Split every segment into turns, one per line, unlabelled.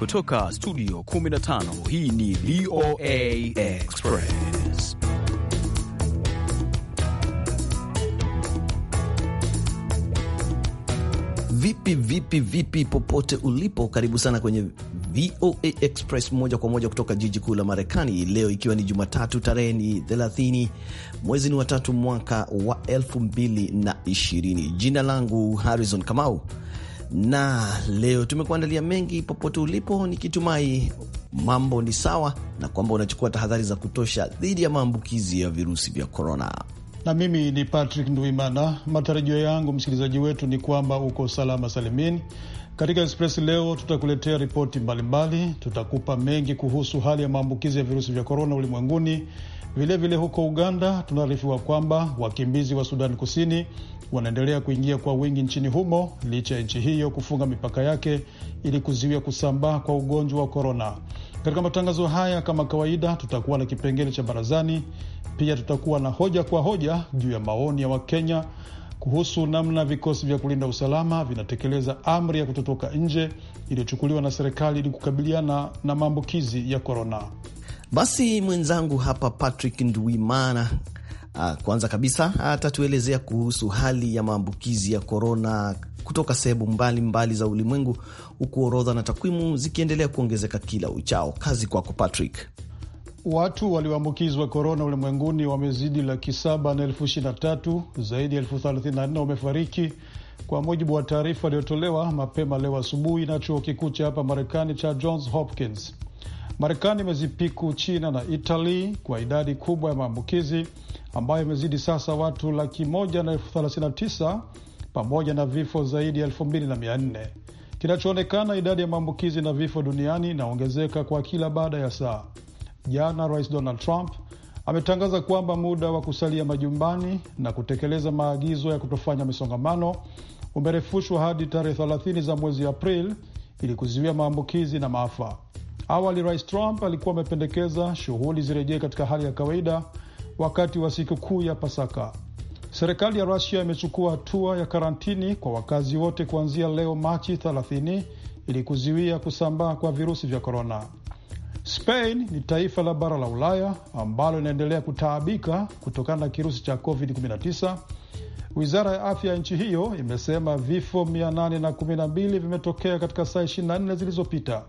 Kutoka studio 15 hii ni VOA Express. Vipi vipi vipi, popote ulipo, karibu sana kwenye VOA Express moja kwa moja kutoka jiji kuu la Marekani. Leo ikiwa ni Jumatatu, tarehe ni 30 mwezi ni watatu mwaka wa 2020. Jina langu Harrison Kamau na leo tumekuandalia mengi. Popote ulipo, nikitumai mambo ni sawa na kwamba unachukua tahadhari za kutosha dhidi ya maambukizi ya virusi vya korona.
Na mimi ni Patrick Nduimana. Matarajio yangu msikilizaji wetu ni kwamba uko salama salimini. Katika Express leo tutakuletea ripoti mbalimbali, tutakupa mengi kuhusu hali ya maambukizi ya virusi vya korona ulimwenguni. Vilevile huko Uganda tunaarifiwa kwamba wakimbizi wa Sudani Kusini wanaendelea kuingia kwa wingi nchini humo licha ya nchi hiyo kufunga mipaka yake ili kuziwia kusambaa kwa ugonjwa wa korona. Katika matangazo haya, kama kawaida, tutakuwa na kipengele cha barazani. Pia tutakuwa na hoja kwa hoja juu ya maoni ya Wakenya kuhusu namna vikosi vya kulinda usalama vinatekeleza amri ya kutotoka nje iliyochukuliwa na serikali ili kukabiliana na maambukizi ya korona.
Basi mwenzangu hapa Patrick nduimana Ah, kwanza kabisa atatuelezea ah, kuhusu hali ya maambukizi ya korona kutoka sehemu mbalimbali za ulimwengu, huku orodha na takwimu zikiendelea kuongezeka kila uchao. Kazi kwako Patrick.
Watu walioambukizwa korona ulimwenguni wamezidi laki saba na elfu ishirini na tatu. Zaidi ya elfu thelathini na nne wamefariki kwa mujibu wa taarifa iliyotolewa mapema leo asubuhi na chuo kikuu cha hapa Marekani cha Johns Hopkins. Marekani imezipiku China na Italy kwa idadi kubwa ya maambukizi ambayo imezidi sasa watu laki moja na elfu thelathini na tisa pamoja na vifo zaidi ya elfu mbili na mia nne. Kinachoonekana idadi ya maambukizi na vifo duniani inaongezeka kwa kila baada ya saa. Jana Rais Donald Trump ametangaza kwamba muda wa kusalia majumbani na kutekeleza maagizo ya kutofanya misongamano umerefushwa hadi tarehe 30 za mwezi april ili kuzuia maambukizi na maafa. Awali Rais Trump alikuwa amependekeza shughuli zirejee katika hali ya kawaida wakati wa sikukuu ya Pasaka. Serikali ya Rusia imechukua hatua ya karantini kwa wakazi wote kuanzia leo Machi 30 ili kuzuia kusambaa kwa virusi vya korona. Spain ni taifa la bara la Ulaya ambalo linaendelea kutaabika kutokana na kirusi cha COVID-19. Wizara ya afya ya nchi hiyo imesema vifo 812 vimetokea katika saa 24 zilizopita.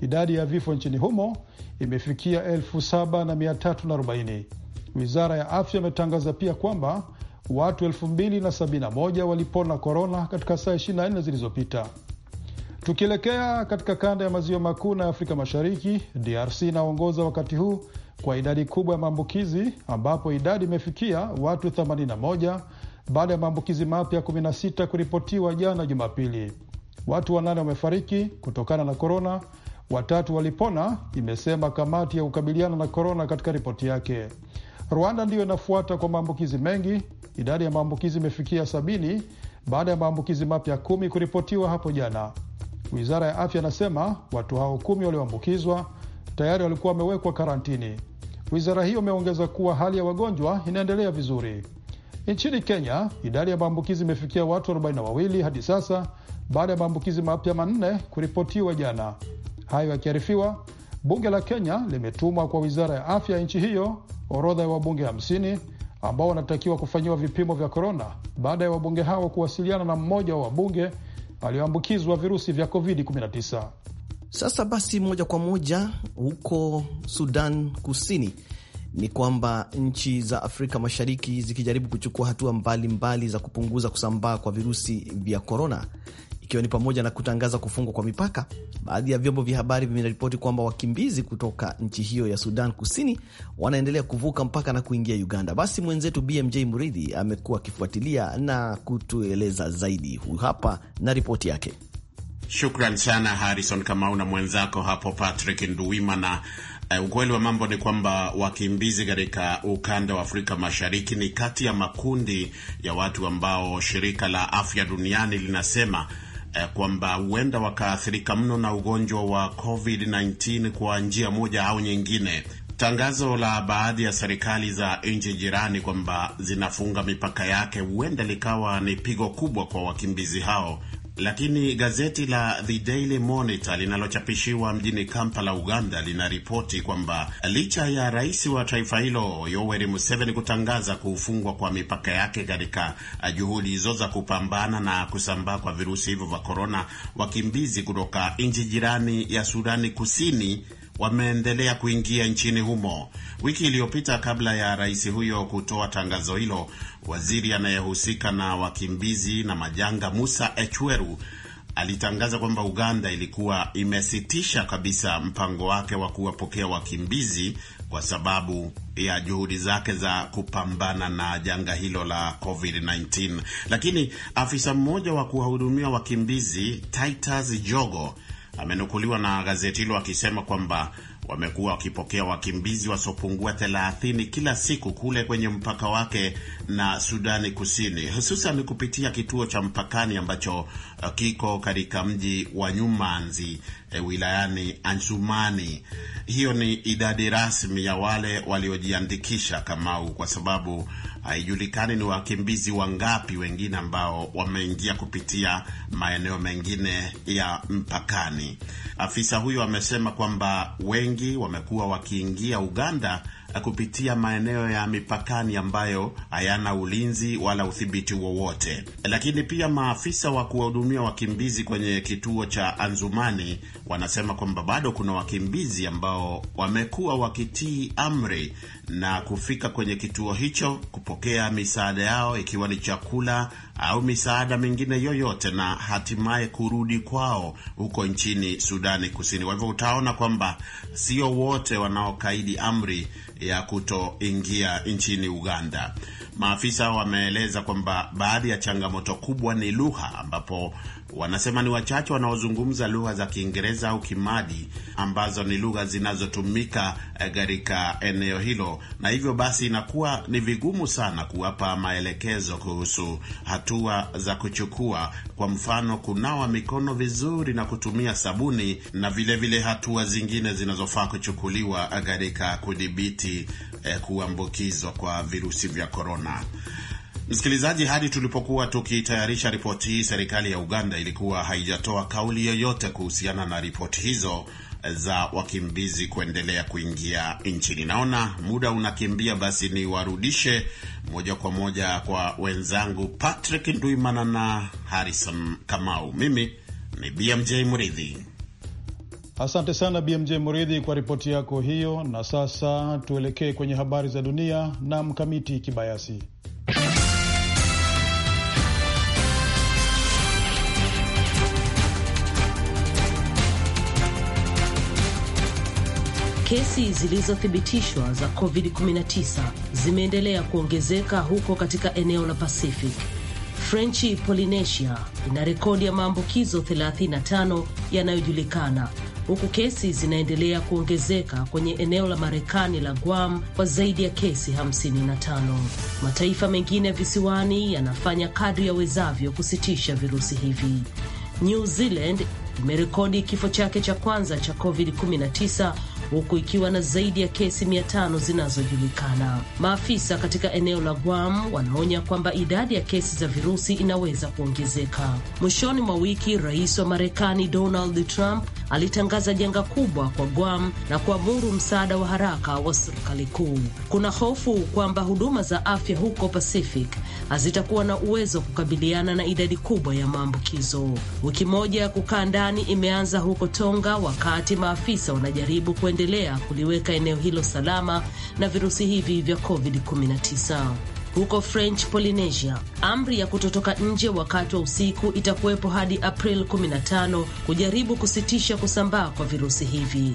Idadi ya vifo nchini humo imefikia 7340. Wizara ya afya imetangaza pia kwamba watu 2071 walipona korona katika saa 24 zilizopita. Tukielekea katika kanda ya maziwa makuu na Afrika Mashariki, DRC inaongoza wakati huu kwa idadi kubwa ya maambukizi ambapo idadi imefikia watu 81 baada ya maambukizi mapya 16 kuripotiwa jana Jumapili. Watu wanane wamefariki kutokana na korona, watatu walipona, imesema kamati ya kukabiliana na korona katika ripoti yake. Rwanda ndiyo inafuata kwa maambukizi mengi. Idadi ya maambukizi imefikia sabini baada ya maambukizi mapya kumi kuripotiwa hapo jana. Wizara ya afya inasema watu hao kumi walioambukizwa tayari walikuwa wamewekwa karantini. Wizara hiyo imeongeza kuwa hali ya wagonjwa inaendelea vizuri. Nchini Kenya, idadi ya maambukizi imefikia watu 42 hadi sasa baada ya maambukizi mapya manne kuripotiwa jana. Hayo yakiarifiwa, bunge la Kenya limetumwa kwa wizara ya afya ya nchi hiyo orodha ya wabunge 50 ambao wanatakiwa kufanyiwa vipimo vya korona baada ya wabunge hao kuwasiliana na mmoja wa wabunge aliyoambukizwa virusi vya COVID-19. Sasa basi, moja kwa moja huko Sudan
Kusini ni kwamba nchi za Afrika Mashariki zikijaribu kuchukua hatua mbalimbali mbali za kupunguza kusambaa kwa virusi vya korona, ikiwa ni pamoja na kutangaza kufungwa kwa mipaka. Baadhi ya vyombo vya habari vimeripoti kwamba wakimbizi kutoka nchi hiyo ya Sudan Kusini wanaendelea kuvuka mpaka na kuingia Uganda. Basi mwenzetu BMJ Mridhi amekuwa akifuatilia na kutueleza zaidi. Huyu hapa na ripoti yake.
Shukran sana Harrison Kamau na mwenzako hapo Patrick Nduwimana. Uh, eh, ukweli wa mambo ni kwamba wakimbizi katika ukanda wa Afrika Mashariki ni kati ya makundi ya watu ambao shirika la afya duniani linasema Eh, kwamba huenda wakaathirika mno na ugonjwa wa COVID-19 kwa njia moja au nyingine. Tangazo la baadhi ya serikali za nchi jirani kwamba zinafunga mipaka yake huenda likawa ni pigo kubwa kwa wakimbizi hao lakini gazeti la The Daily Monitor linalochapishiwa mjini Kampala, Uganda, linaripoti kwamba licha ya rais wa taifa hilo Yoweri Museveni kutangaza kufungwa kwa mipaka yake katika uh, juhudi hizo za kupambana na kusambaa kwa virusi hivyo vya korona, wakimbizi kutoka nchi jirani ya Sudani Kusini wameendelea kuingia nchini humo. Wiki iliyopita, kabla ya rais huyo kutoa tangazo hilo, waziri anayehusika na wakimbizi na majanga Musa Echweru alitangaza kwamba Uganda ilikuwa imesitisha kabisa mpango wake wa kuwapokea wakimbizi kwa sababu ya juhudi zake za kupambana na janga hilo la COVID-19. Lakini afisa mmoja wa kuwahudumia wakimbizi Titus Jogo amenukuliwa na gazeti hilo akisema kwamba wamekuwa wakipokea wakimbizi wasiopungua 30 kila siku kule kwenye mpaka wake na Sudani Kusini, hususan kupitia kituo cha mpakani ambacho uh, kiko katika mji wa Nyumanzi e, wilayani Anzumani. Hiyo ni idadi rasmi ya wale waliojiandikisha Kamau, kwa sababu haijulikani ni wakimbizi wangapi wengine ambao wameingia kupitia maeneo mengine ya mpakani. Afisa huyo amesema kwamba wengi wamekuwa wakiingia Uganda kupitia maeneo ya mipakani ambayo hayana ulinzi wala udhibiti wowote. Lakini pia maafisa wa kuwahudumia wakimbizi kwenye kituo cha Anzumani wanasema kwamba bado kuna wakimbizi ambao wamekuwa wakitii amri na kufika kwenye kituo hicho kupokea misaada yao, ikiwa ni chakula au misaada mingine yoyote, na hatimaye kurudi kwao huko nchini Sudani Kusini. Kwa hivyo utaona kwamba sio wote wanaokaidi amri ya kutoingia nchini Uganda. Maafisa wameeleza kwamba baadhi ya changamoto kubwa ni lugha, ambapo wanasema ni wachache wanaozungumza lugha za Kiingereza au Kimadi ambazo ni lugha zinazotumika eh, katika eneo hilo, na hivyo basi inakuwa ni vigumu sana kuwapa maelekezo kuhusu hatua za kuchukua, kwa mfano kunawa mikono vizuri na kutumia sabuni, na vilevile vile hatua zingine zinazofaa kuchukuliwa eh, katika kudhibiti eh, kuambukizwa kwa virusi vya korona. Msikilizaji, hadi tulipokuwa tukitayarisha ripoti hii, serikali ya Uganda ilikuwa haijatoa kauli yoyote kuhusiana na ripoti hizo za wakimbizi kuendelea kuingia nchini. Naona muda unakimbia, basi niwarudishe moja kwa moja kwa wenzangu Patrick Ndwimana na Harrison Kamau. Mimi ni BMJ Mridhi.
Asante sana BMJ Mridhi kwa ripoti yako hiyo, na sasa tuelekee kwenye habari za dunia na Mkamiti Kibayasi.
Kesi zilizothibitishwa za COVID-19 zimeendelea kuongezeka huko katika eneo la Pacific. French Polynesia ina rekodi ya maambukizo 35 yanayojulikana huku kesi zinaendelea kuongezeka kwenye eneo la Marekani la Guam kwa zaidi ya kesi 55. Mataifa mengine visiwani yanafanya kadri yawezavyo kusitisha virusi hivi. New Zealand imerekodi kifo chake cha kwanza cha COVID-19 huku ikiwa na zaidi ya kesi mia tano zinazojulikana. Maafisa katika eneo la Guam wanaonya kwamba idadi ya kesi za virusi inaweza kuongezeka. Mwishoni mwa wiki, rais wa Marekani Donald Trump alitangaza janga kubwa kwa Guam na kuamuru msaada wa haraka wa serikali kuu. Kuna hofu kwamba huduma za afya huko Pacific hazitakuwa na uwezo wa kukabiliana na idadi kubwa ya maambukizo. Wiki moja ya kukaa ndani imeanza huko Tonga, wakati maafisa wanajaribu kuendelea kuliweka eneo hilo salama na virusi hivi vya COVID-19 huko French Polynesia. Amri ya kutotoka nje wakati wa usiku itakuwepo hadi April 15 kujaribu kusitisha kusambaa kwa virusi hivi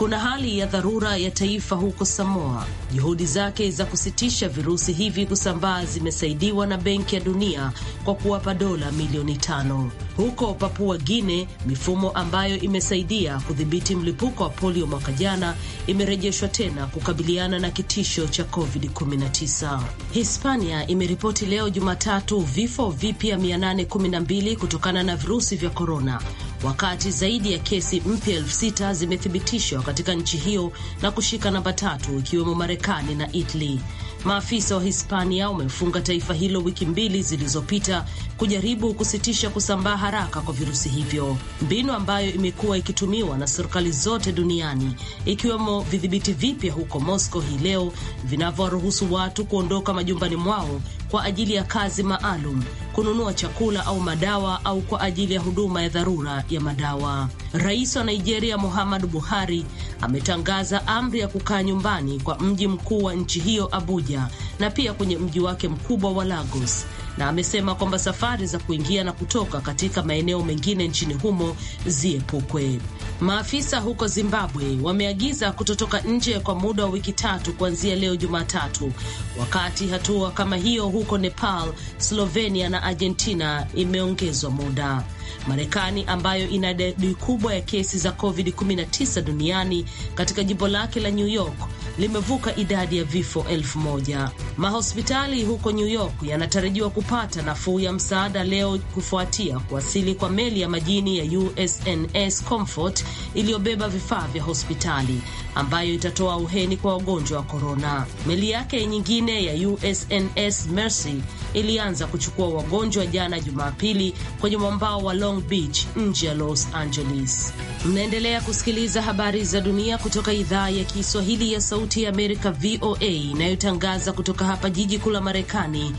kuna hali ya dharura ya taifa huko Samoa. Juhudi zake za kusitisha virusi hivi kusambaa zimesaidiwa na Benki ya Dunia kwa kuwapa dola milioni tano. Huko Papua Guine, mifumo ambayo imesaidia kudhibiti mlipuko wa polio mwaka jana imerejeshwa tena kukabiliana na kitisho cha COVID-19. Hispania imeripoti leo Jumatatu vifo vipya 812 kutokana na virusi vya korona wakati zaidi ya kesi mpya elfu sita zimethibitishwa katika nchi hiyo na kushika namba tatu ikiwemo Marekani na Italy. Maafisa wa Hispania wamefunga taifa hilo wiki mbili zilizopita kujaribu kusitisha kusambaa haraka kwa virusi hivyo, mbinu ambayo imekuwa ikitumiwa na serikali zote duniani, ikiwemo vidhibiti vipya huko Moscow hii leo vinavyowaruhusu watu kuondoka majumbani mwao kwa ajili ya kazi maalum, kununua chakula au madawa au kwa ajili ya huduma ya dharura ya madawa. Rais wa Nigeria Muhammadu Buhari ametangaza amri ya kukaa nyumbani kwa mji mkuu wa nchi hiyo Abuja na pia kwenye mji wake mkubwa wa Lagos na amesema kwamba safari za kuingia na kutoka katika maeneo mengine nchini humo ziepukwe. Maafisa huko Zimbabwe wameagiza kutotoka nje kwa muda wa wiki tatu kuanzia leo Jumatatu, wakati hatua kama hiyo huko Nepal, Slovenia na Argentina imeongezwa muda. Marekani ambayo ina idadi kubwa ya kesi za COVID-19 duniani katika jimbo lake la New York limevuka idadi ya vifo elfu moja. Mahospitali huko New York yanatarajiwa kupata nafuu ya msaada leo kufuatia kuwasili kwa meli ya majini ya USNS Comfort iliyobeba vifaa vya hospitali ambayo itatoa uheni kwa wagonjwa wa korona. Meli yake nyingine ya USNS Mercy ilianza kuchukua wagonjwa jana Jumapili kwenye mwambao wa Long Beach nje ya Los Angeles. Mnaendelea kusikiliza habari za dunia kutoka idhaa ya Kiswahili ya Sauti ya Amerika VOA inayotangaza kutoka hapa jiji kuu la Marekani,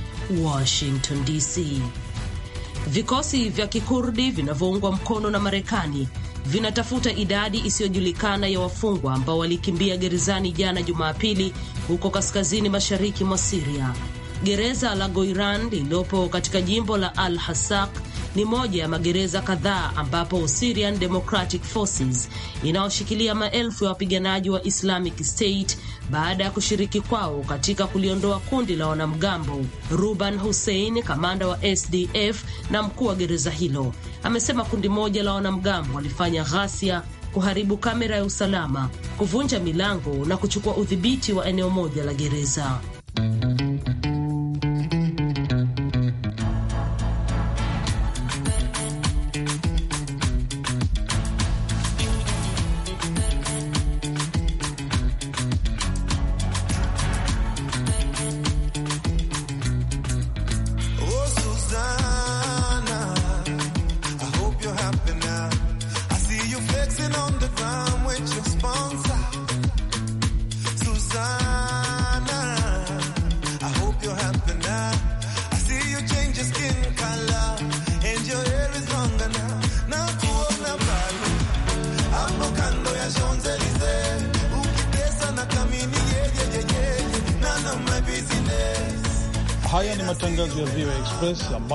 Washington DC. Vikosi vya Kikurdi vinavyoungwa mkono na Marekani vinatafuta idadi isiyojulikana ya wafungwa ambao walikimbia gerezani jana Jumapili huko kaskazini mashariki mwa Siria. Gereza la Goiran lililopo katika jimbo la Al Hasak ni moja ya magereza kadhaa ambapo Syrian Democratic Forces inaoshikilia maelfu ya wapiganaji wa Islamic State baada ya kushiriki kwao katika kuliondoa kundi la wanamgambo. Ruben Hussein, kamanda wa SDF na mkuu wa gereza hilo, amesema kundi moja la wanamgambo walifanya ghasia kuharibu kamera ya usalama, kuvunja milango na kuchukua udhibiti wa eneo moja la gereza.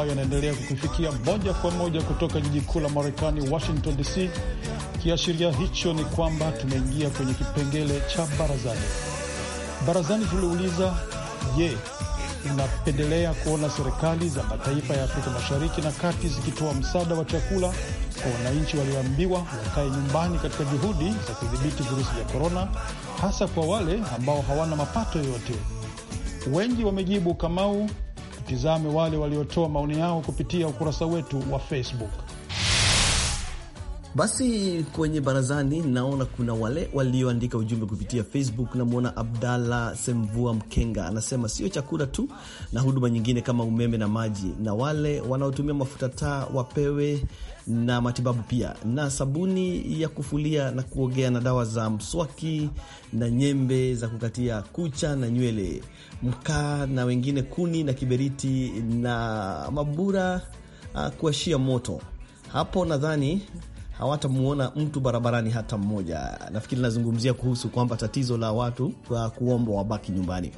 ambayo yanaendelea kukufikia moja kwa moja kutoka jiji kuu la Marekani, Washington DC. Kiashiria hicho ni kwamba tumeingia kwenye kipengele cha barazani. Barazani tuliuliza, je, unapendelea kuona serikali za mataifa ya Afrika Mashariki na Kati zikitoa msaada wa chakula kwa wananchi walioambiwa wakae nyumbani katika juhudi za kudhibiti virusi vya korona, hasa kwa wale ambao hawana mapato yoyote? Wengi wamejibu Kamau, Tutizame wale waliotoa maoni yao kupitia ukurasa wetu wa Facebook.
Basi kwenye barazani naona kuna wale walioandika ujumbe kupitia Facebook. Namwona Abdalla Semvua Mkenga anasema sio chakula tu na huduma nyingine kama umeme na maji, na wale wanaotumia mafuta taa wapewe na matibabu pia, na sabuni ya kufulia na kuogea, na dawa za mswaki na nyembe za kukatia kucha na nywele, mkaa na wengine kuni na kiberiti na mabura uh, kuashia moto. Hapo nadhani hawatamuona mtu barabarani hata mmoja. Nafikiri nazungumzia kuhusu kwamba tatizo la watu kwa ah, kuomba wabaki nyumbani.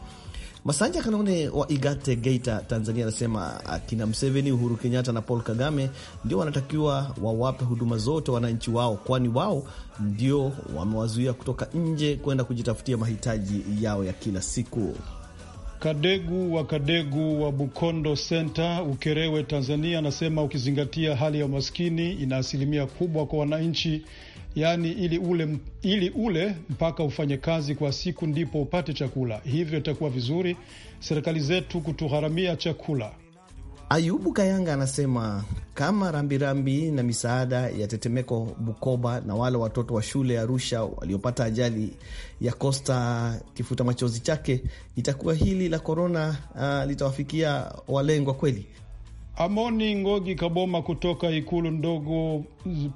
Masanja Kanone wa Igate, Geita, Tanzania, anasema akina Mseveni, Uhuru Kenyatta na Paul Kagame ndio wanatakiwa wawape huduma zote wananchi wao, kwani wao ndio wamewazuia kutoka nje kwenda kujitafutia mahitaji yao ya kila siku.
Kadegu wa Kadegu wa Bukondo Senta, Ukerewe, Tanzania, anasema ukizingatia hali ya umaskini ina asilimia kubwa kwa wananchi, yaani ili ule, ili ule mpaka ufanye kazi kwa siku ndipo upate chakula. Hivyo itakuwa vizuri serikali zetu kutugharamia chakula.
Ayubu Kayanga anasema kama rambirambi rambi na misaada ya tetemeko Bukoba na wale watoto wa shule Arusha waliopata ajali ya kosta kifuta machozi chake, itakuwa hili la korona uh, ah, litawafikia walengwa kweli.
Amoni Ngogi Kaboma kutoka ikulu ndogo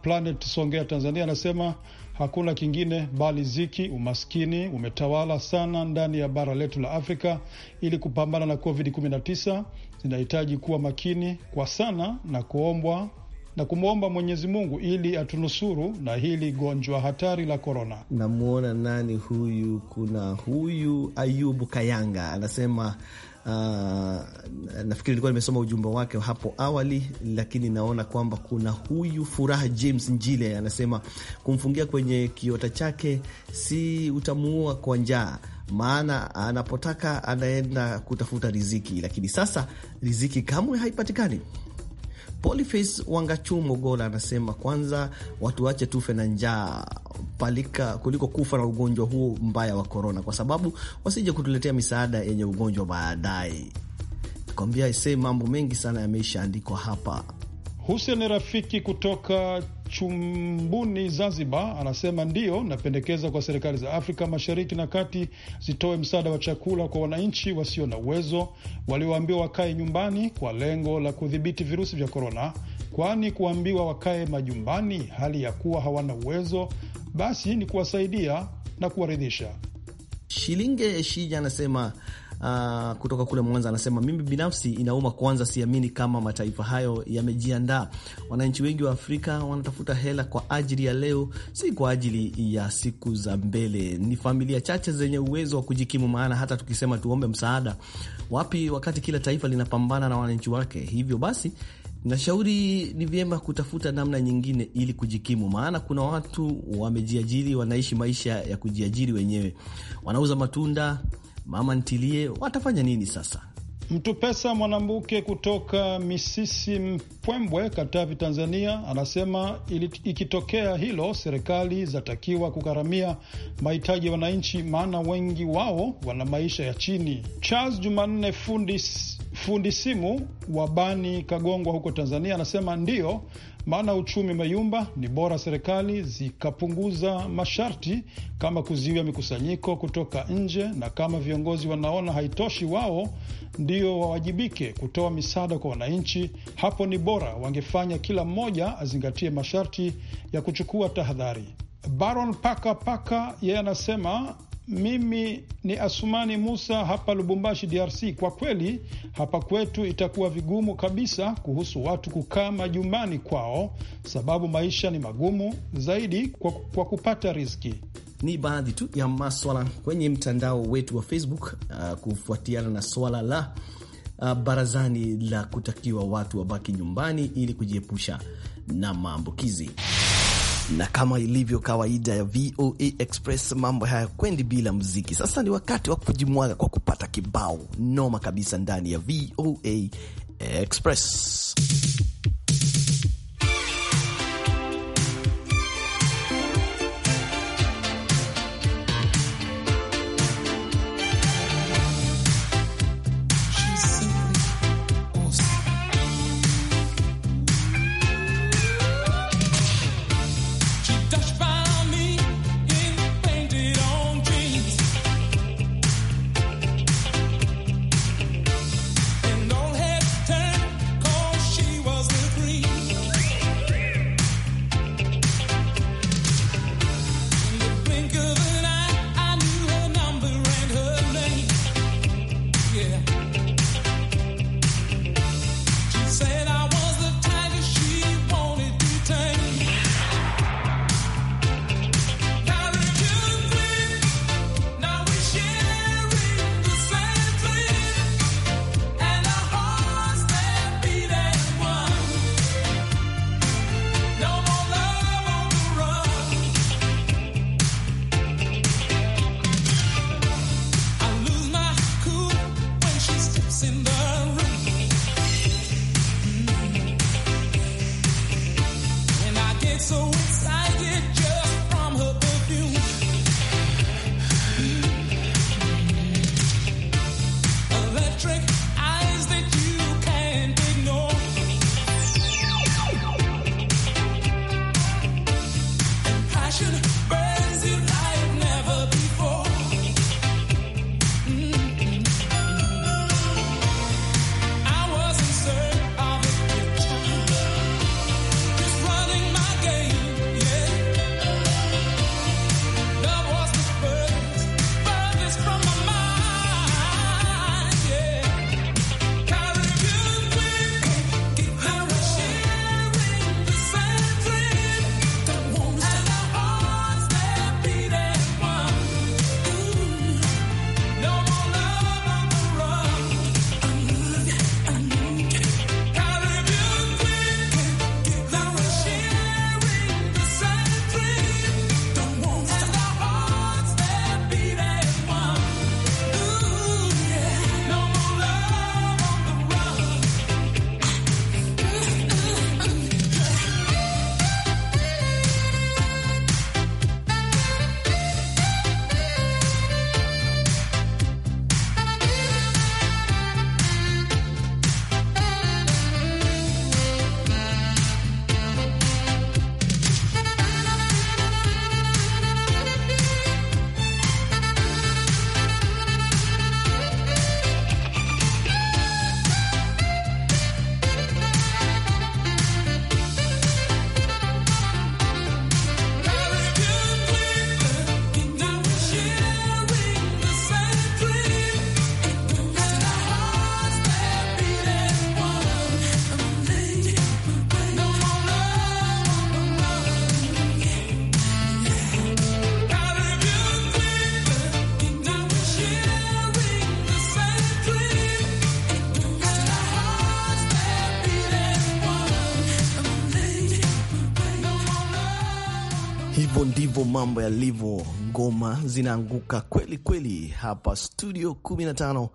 Planet Songea, Tanzania, anasema hakuna kingine bali ziki. Umaskini umetawala sana ndani ya bara letu la Afrika. Ili kupambana na COVID-19 zinahitaji kuwa makini kwa sana na kuombwa na kumwomba Mwenyezi Mungu ili atunusuru na hili gonjwa hatari la korona.
Namwona nani huyu? Kuna huyu Ayubu Kayanga anasema Uh, nafikiri nilikuwa nimesoma ujumbe wake hapo awali, lakini naona kwamba kuna huyu Furaha James Njile anasema kumfungia kwenye kiota chake si utamuua kwa njaa, maana anapotaka anaenda kutafuta riziki, lakini sasa riziki kamwe haipatikani. Boniface Wangachumo Gola anasema kwanza watu wache tufe na njaa palika kuliko kufa na ugonjwa huu mbaya wa korona, kwa sababu wasije kutuletea misaada yenye ugonjwa baadaye. kwambia se mambo mengi sana yameisha andikwa hapa.
Hussein Rafiki kutoka Chumbuni, Zanzibar, anasema ndiyo, napendekeza kwa serikali za Afrika Mashariki na Kati zitoe msaada wa chakula kwa wananchi wasio na uwezo walioambiwa wakae nyumbani kwa lengo la kudhibiti virusi vya korona, kwani kuambiwa wakae majumbani hali ya kuwa hawana uwezo basi ni kuwasaidia na kuwaridhisha.
Shilinge Shija anasema uh, kutoka kule Mwanza anasema, mimi binafsi inauma kwanza, siamini kama mataifa hayo yamejiandaa. Wananchi wengi wa Afrika wanatafuta hela kwa ajili ya leo, si kwa ajili ya siku za mbele. Ni familia chache zenye uwezo wa kujikimu, maana hata tukisema tuombe msaada, wapi, wakati kila taifa linapambana na wananchi wake. Hivyo basi nashauri ni vyema kutafuta namna nyingine ili kujikimu, maana kuna watu wamejiajiri, wanaishi maisha ya kujiajiri wenyewe, wanauza
matunda, mama ntilie watafanya nini sasa? Mtu pesa Mwanambuke kutoka Misisi Mpwembwe, Katavi, Tanzania, anasema ili, ikitokea hilo serikali zatakiwa kugharamia mahitaji ya wananchi, maana wengi wao wana maisha ya chini. Charles Jumanne fundi fundi simu wa Bani Kagongwa huko Tanzania anasema ndiyo, maana uchumi umeyumba. Ni bora serikali zikapunguza masharti kama kuziwia mikusanyiko kutoka nje, na kama viongozi wanaona haitoshi, wao ndio wawajibike kutoa misaada kwa wananchi. Hapo ni bora wangefanya, kila mmoja azingatie masharti ya kuchukua tahadhari. Baron Paka Paka yeye anasema mimi ni Asumani Musa hapa Lubumbashi, DRC. Kwa kweli hapa kwetu itakuwa vigumu kabisa kuhusu watu kukaa majumbani kwao, sababu maisha ni magumu zaidi kwa, kwa kupata riziki. Ni baadhi tu ya maswala kwenye mtandao
wetu wa Facebook uh, kufuatiana na swala la uh, barazani la kutakiwa watu wabaki nyumbani ili kujiepusha na maambukizi na kama ilivyo kawaida ya VOA Express, mambo haya kwendi bila mziki. Sasa ni wakati wa kujimwaga kwa kupata kibao noma kabisa ndani ya VOA Express. ndivyo mambo yalivyo, ngoma zinaanguka kweli kweli hapa studio 15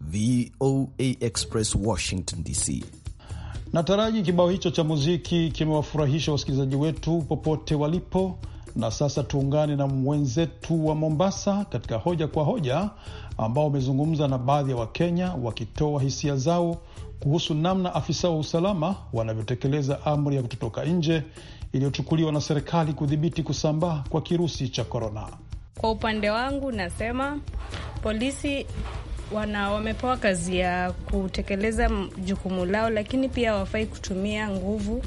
VOA Express Washington DC.
Nataraji kibao hicho cha muziki kimewafurahisha wasikilizaji wetu popote walipo. Na sasa tuungane na mwenzetu wa Mombasa katika hoja kwa hoja, ambao wamezungumza na baadhi ya Wakenya wakitoa hisia zao kuhusu namna afisa wa usalama wanavyotekeleza amri ya kutotoka nje iliyochukuliwa na serikali kudhibiti kusambaa kwa kirusi cha korona.
Kwa upande wangu, nasema polisi wana wamepewa kazi ya kutekeleza jukumu lao, lakini pia hawafai kutumia nguvu,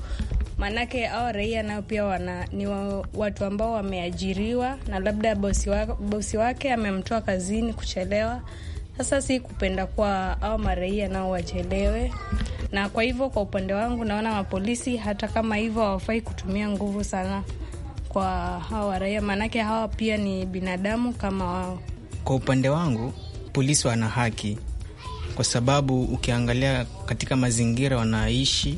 maanake awa raia nao pia wana, ni wa, watu ambao wameajiriwa na labda bosi, wa, bosi wake amemtoa kazini kuchelewa. Sasa si kupenda kwa awa maraia nao wachelewe na kwa hivyo, kwa upande wangu naona mapolisi hata kama hivyo hawafai kutumia nguvu sana kwa hawa raia, maanake hawa pia ni binadamu kama wao.
Kwa upande wangu polisi wana haki, kwa sababu ukiangalia katika mazingira wanaishi,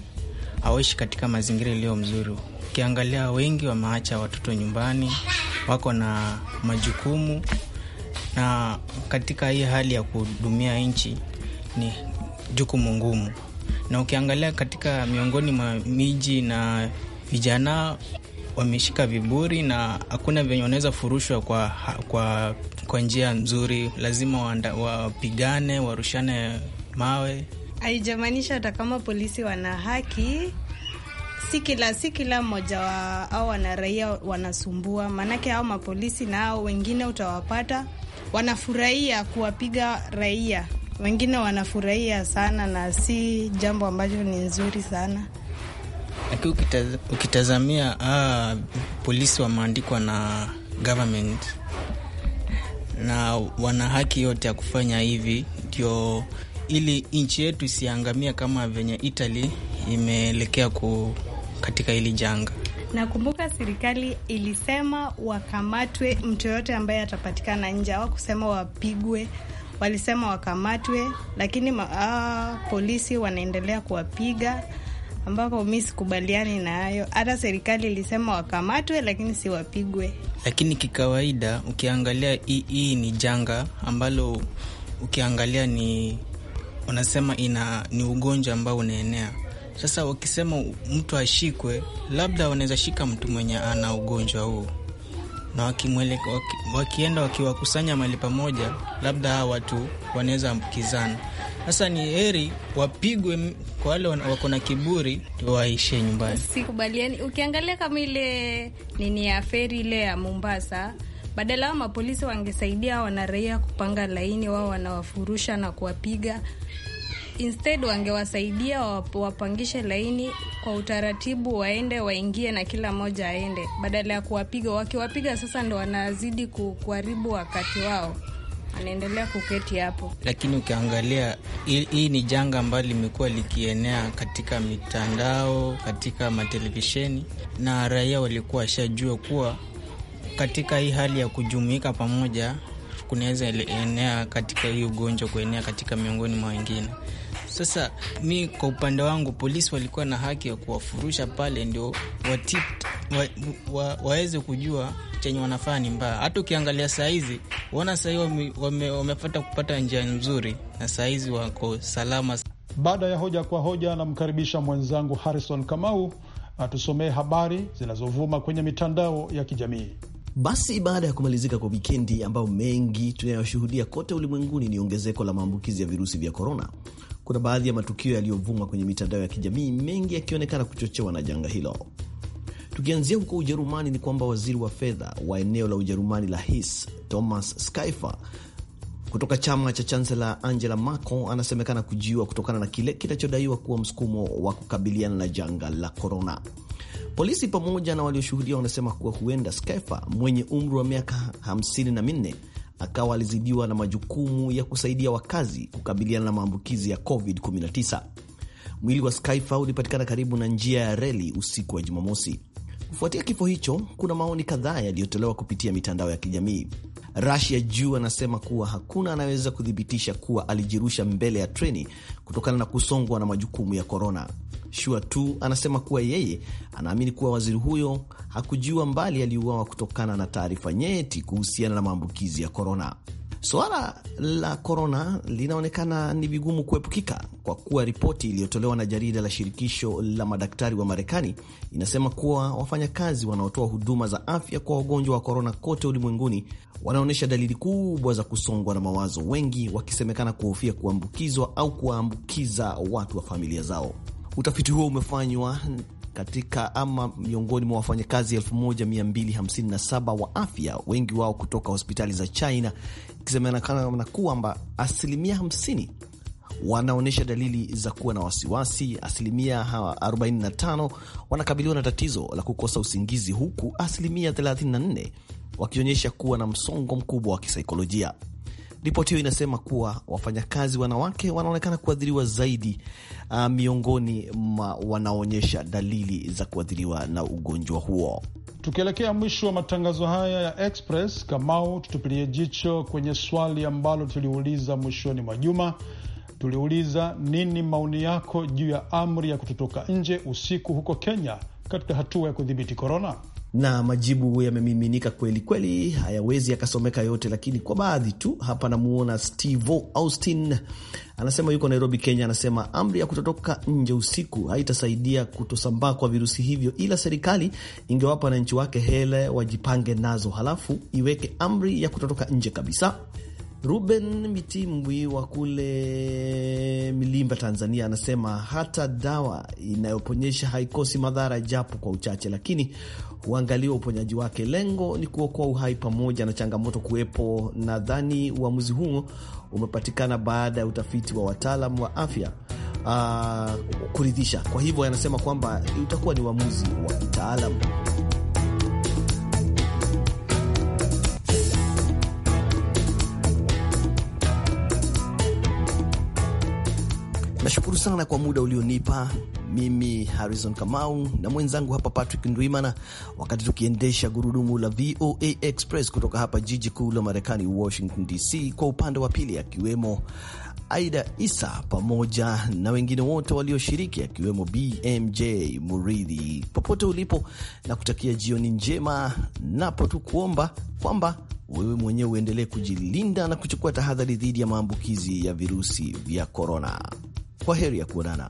hawaishi katika mazingira iliyo mzuri. Ukiangalia wengi wameacha watoto nyumbani, wako na majukumu, na katika hii hali ya kuhudumia nchi ni jukumu ngumu na ukiangalia katika miongoni mwa miji na vijana wameshika viburi na hakuna venye wanaweza furushwa kwa, kwa, kwa njia nzuri. Lazima wapigane, warushane mawe.
Haijamaanisha hata kama polisi wana haki, si kila si kila mmoja wa au wanaraia wanasumbua, maanake hao mapolisi na hao wengine utawapata wanafurahia kuwapiga raia wengine wanafurahia sana, na si jambo ambacho ni nzuri sana
lakini ukitazamia ah, polisi wameandikwa na government na wana haki yote ya kufanya hivi, ndio ili nchi yetu isiangamia kama venye Italy imeelekea ku katika hili janga.
Nakumbuka serikali ilisema wakamatwe mtu yoyote ambaye atapatikana nje, hawakusema wapigwe walisema wakamatwe, lakini ma, uh, polisi wanaendelea kuwapiga ambapo mi sikubaliani na hayo. Hata serikali ilisema wakamatwe, lakini siwapigwe.
Lakini kikawaida ukiangalia, hii ni janga ambalo ukiangalia ni wanasema ina ni ugonjwa ambao unaenea. Sasa wakisema mtu ashikwe, labda wanaweza shika mtu mwenye ana ugonjwa huo na wakimweleka, waki, wakienda wakiwakusanya mali pamoja, labda hawa watu wanaweza ambukizana. Sasa ni heri wapigwe kwa wale wako na kiburi, waishie nyumbani.
Sikubaliani. Ukiangalia kama ile nini ya feri ile ya Mombasa badala ao mapolisi wangesaidia wanaraia kupanga laini, wao wanawafurusha na kuwapiga instead wangewasaidia wapangishe laini kwa utaratibu, waende waingie na kila mmoja aende, badala ya kuwapiga. Wakiwapiga sasa ndo wanazidi kuharibu wakati wao, anaendelea kuketi hapo.
Lakini ukiangalia hii ni janga ambalo limekuwa likienea katika mitandao, katika matelevisheni, na raia walikuwa washajua kuwa katika hii hali ya kujumuika pamoja kunaweza enea katika hii ugonjwa kuenea katika miongoni mwa wengine. Sasa mi kwa upande wangu, polisi walikuwa na haki ya kuwafurusha pale, ndio watip wa, wa, waweze kujua chenye wanafaa ni mbaya. Hata ukiangalia sahizi waona sahii wamepata wame, wamepata kupata njia nzuri na sahizi wako salama.
Baada ya hoja kwa hoja, namkaribisha mwenzangu Harrison Kamau atusomee habari zinazovuma kwenye mitandao ya kijamii. Basi baada ya kumalizika kwa wikendi ambayo mengi tunayoshuhudia kote
ulimwenguni ni ongezeko la maambukizi ya virusi vya korona, kuna baadhi ya matukio yaliyovuma kwenye mitandao ya kijamii, mengi yakionekana kuchochewa na janga hilo. Tukianzia huko Ujerumani, ni kwamba waziri wa fedha wa eneo la Ujerumani la His Thomas Schaifer kutoka chama cha chansela Angela Merkel anasemekana kujiua kutokana na kile kinachodaiwa kuwa msukumo wa kukabiliana na janga la korona. Polisi pamoja na walioshuhudia wanasema kuwa huenda Schaifer mwenye umri wa miaka 54 akawa alizidiwa na majukumu ya kusaidia wakazi kukabiliana na maambukizi ya COVID-19. Mwili wa Skyfer ulipatikana karibu na njia ya reli usiku wa Jumamosi. Kufuatia kifo hicho, kuna maoni kadhaa yaliyotolewa kupitia mitandao ya kijamii. Rasia juu anasema kuwa hakuna anayeweza kuthibitisha kuwa alijirusha mbele ya treni kutokana na kusongwa na majukumu ya korona. Shua tu anasema kuwa yeye anaamini kuwa waziri huyo hakujua mbali aliuawa kutokana na taarifa nyeti kuhusiana na maambukizi ya korona. Suala la korona linaonekana ni vigumu kuepukika kwa kuwa ripoti iliyotolewa na jarida la shirikisho la madaktari wa Marekani inasema kuwa wafanyakazi wanaotoa huduma za afya kwa wagonjwa wa korona kote ulimwenguni wanaonyesha dalili kubwa za kusongwa na mawazo, wengi wakisemekana kuhofia kuambukizwa au kuwaambukiza watu wa familia zao. Utafiti huo umefanywa katika ama miongoni mwa wafanyakazi 1257 wa afya, wengi wao kutoka hospitali za China, ikisemekana kwamba asilimia 50 wanaonyesha dalili za kuwa na wasiwasi, asilimia 45 wanakabiliwa na tatizo la kukosa usingizi, huku asilimia 34 wakionyesha kuwa na msongo mkubwa wa kisaikolojia. Ripoti hiyo inasema kuwa wafanyakazi wanawake wanaonekana kuathiriwa zaidi uh, miongoni mwa wanaonyesha dalili za kuathiriwa na ugonjwa huo.
Tukielekea mwisho wa matangazo haya ya Express, Kamau, tutupilie jicho kwenye swali ambalo tuliuliza mwishoni mwa juma. Tuliuliza, nini maoni yako juu ya amri ya kutotoka nje usiku huko Kenya katika hatua ya kudhibiti korona? na
majibu yamemiminika kweli kweli, hayawezi yakasomeka yote, lakini kwa baadhi tu hapa namuona Steve Austin anasema yuko Nairobi, Kenya. Anasema amri ya kutotoka nje usiku haitasaidia kutosambaa kwa virusi hivyo, ila serikali ingewapa wananchi wake hele wajipange nazo, halafu iweke amri ya kutotoka nje kabisa Ruben Mitimbwi wa kule Milimba, Tanzania, anasema hata dawa inayoponyesha haikosi madhara, japo kwa uchache, lakini huangaliwa uponyaji wake. Lengo ni kuokoa uhai pamoja na changamoto kuwepo. Nadhani uamuzi huo umepatikana baada ya utafiti wa wataalam wa afya uh, kuridhisha. Kwa hivyo, anasema kwamba utakuwa ni uamuzi wa kitaalamu. Nashukuru sana kwa muda ulionipa mimi Harrison Kamau na mwenzangu hapa Patrick Ndwimana, wakati tukiendesha gurudumu la VOA Express kutoka hapa jiji kuu la Marekani, Washington DC. Kwa upande wa pili, akiwemo Aida Isa pamoja na wengine wote walioshiriki, akiwemo BMJ Muridhi, popote ulipo na kutakia jioni njema, napo tu kuomba kwamba wewe mwenyewe uendelee kujilinda na kuchukua tahadhari dhidi ya maambukizi ya virusi vya korona. Kwa heri ya kuonana.